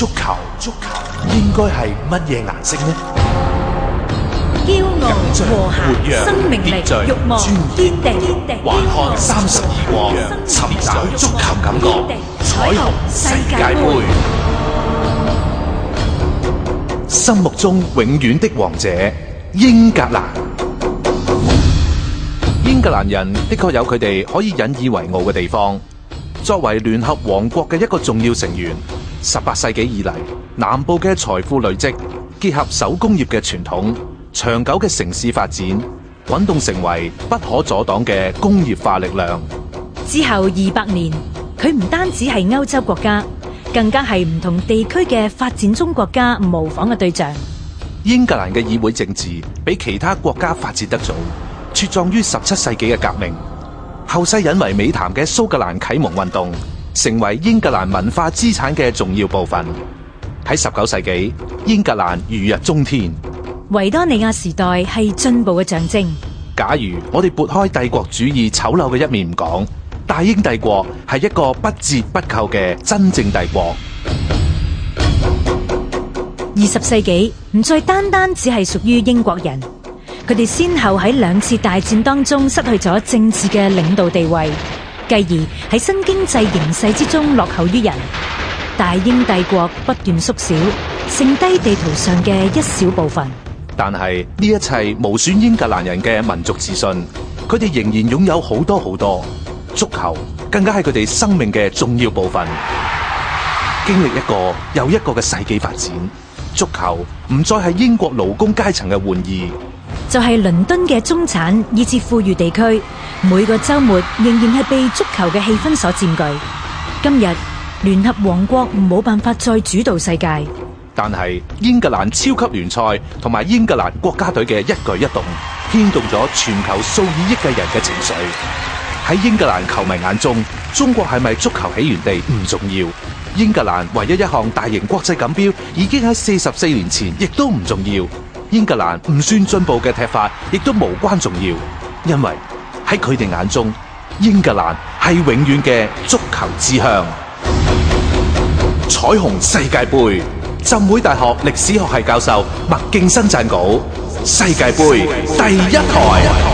足球，足球應該係乜嘢顏色呢？驕傲、和諧、生命力、欲望、天地還看三十二國，尋找足球感覺，彩虹世界杯，心目中永遠的王者——英格蘭。英格蘭人的確有佢哋可以引以為傲嘅地方。作為聯合王國嘅一個重要成員。十八世紀以來，南部嘅財富累積，結合手工業嘅傳統，長久嘅城市發展，滾動成為不可阻擋嘅工業化力量。之後二百年，佢唔單止係歐洲國家，更加係唔同地區嘅發展中國家模仿嘅對象。英格蘭嘅議會政治比其他國家發展得早，茁壯於十七世紀嘅革命，後世引為美談嘅蘇格蘭啟蒙運動。成為英格蘭文化資產嘅重要部分。喺十九世紀，英格蘭如日中天。維多利亞時代係進步嘅象徵。假如我哋撥開帝國主義醜陋嘅一面唔講，大英帝國係一個不折不扣嘅真正帝國。二十世紀唔再單單只係屬於英國人，佢哋先後喺兩次大戰當中失去咗政治嘅領導地位。繼而喺新經濟形勢之中落後於人，大英帝國不斷縮小，剩低地圖上嘅一小部分。但係呢一切無損英格蘭人嘅民族自信，佢哋仍然擁有好多好多。足球更加係佢哋生命嘅重要部分。經歷一個又一個嘅世紀發展，足球唔再係英國勞工階層嘅玩意就係倫敦嘅中產以至富裕地區，每個周末仍然係被足球嘅氣氛所佔據。今日聯合王國冇辦法再主導世界，但係英格蘭超級聯賽同埋英格蘭國家隊嘅一舉一動牽動咗全球數以億嘅人嘅情緒。喺英格蘭球迷眼中，中國係咪足球起源地唔重要，英格蘭唯一一項大型國際錦標已經喺四十四年前亦都唔重要。英格蘭唔算進步嘅踢法，亦都無關重要，因為喺佢哋眼中，英格蘭係永遠嘅足球志向足球之鄉。彩虹世界盃，浸會大學歷史學系教授麥勁生撰稿。世界盃第一台。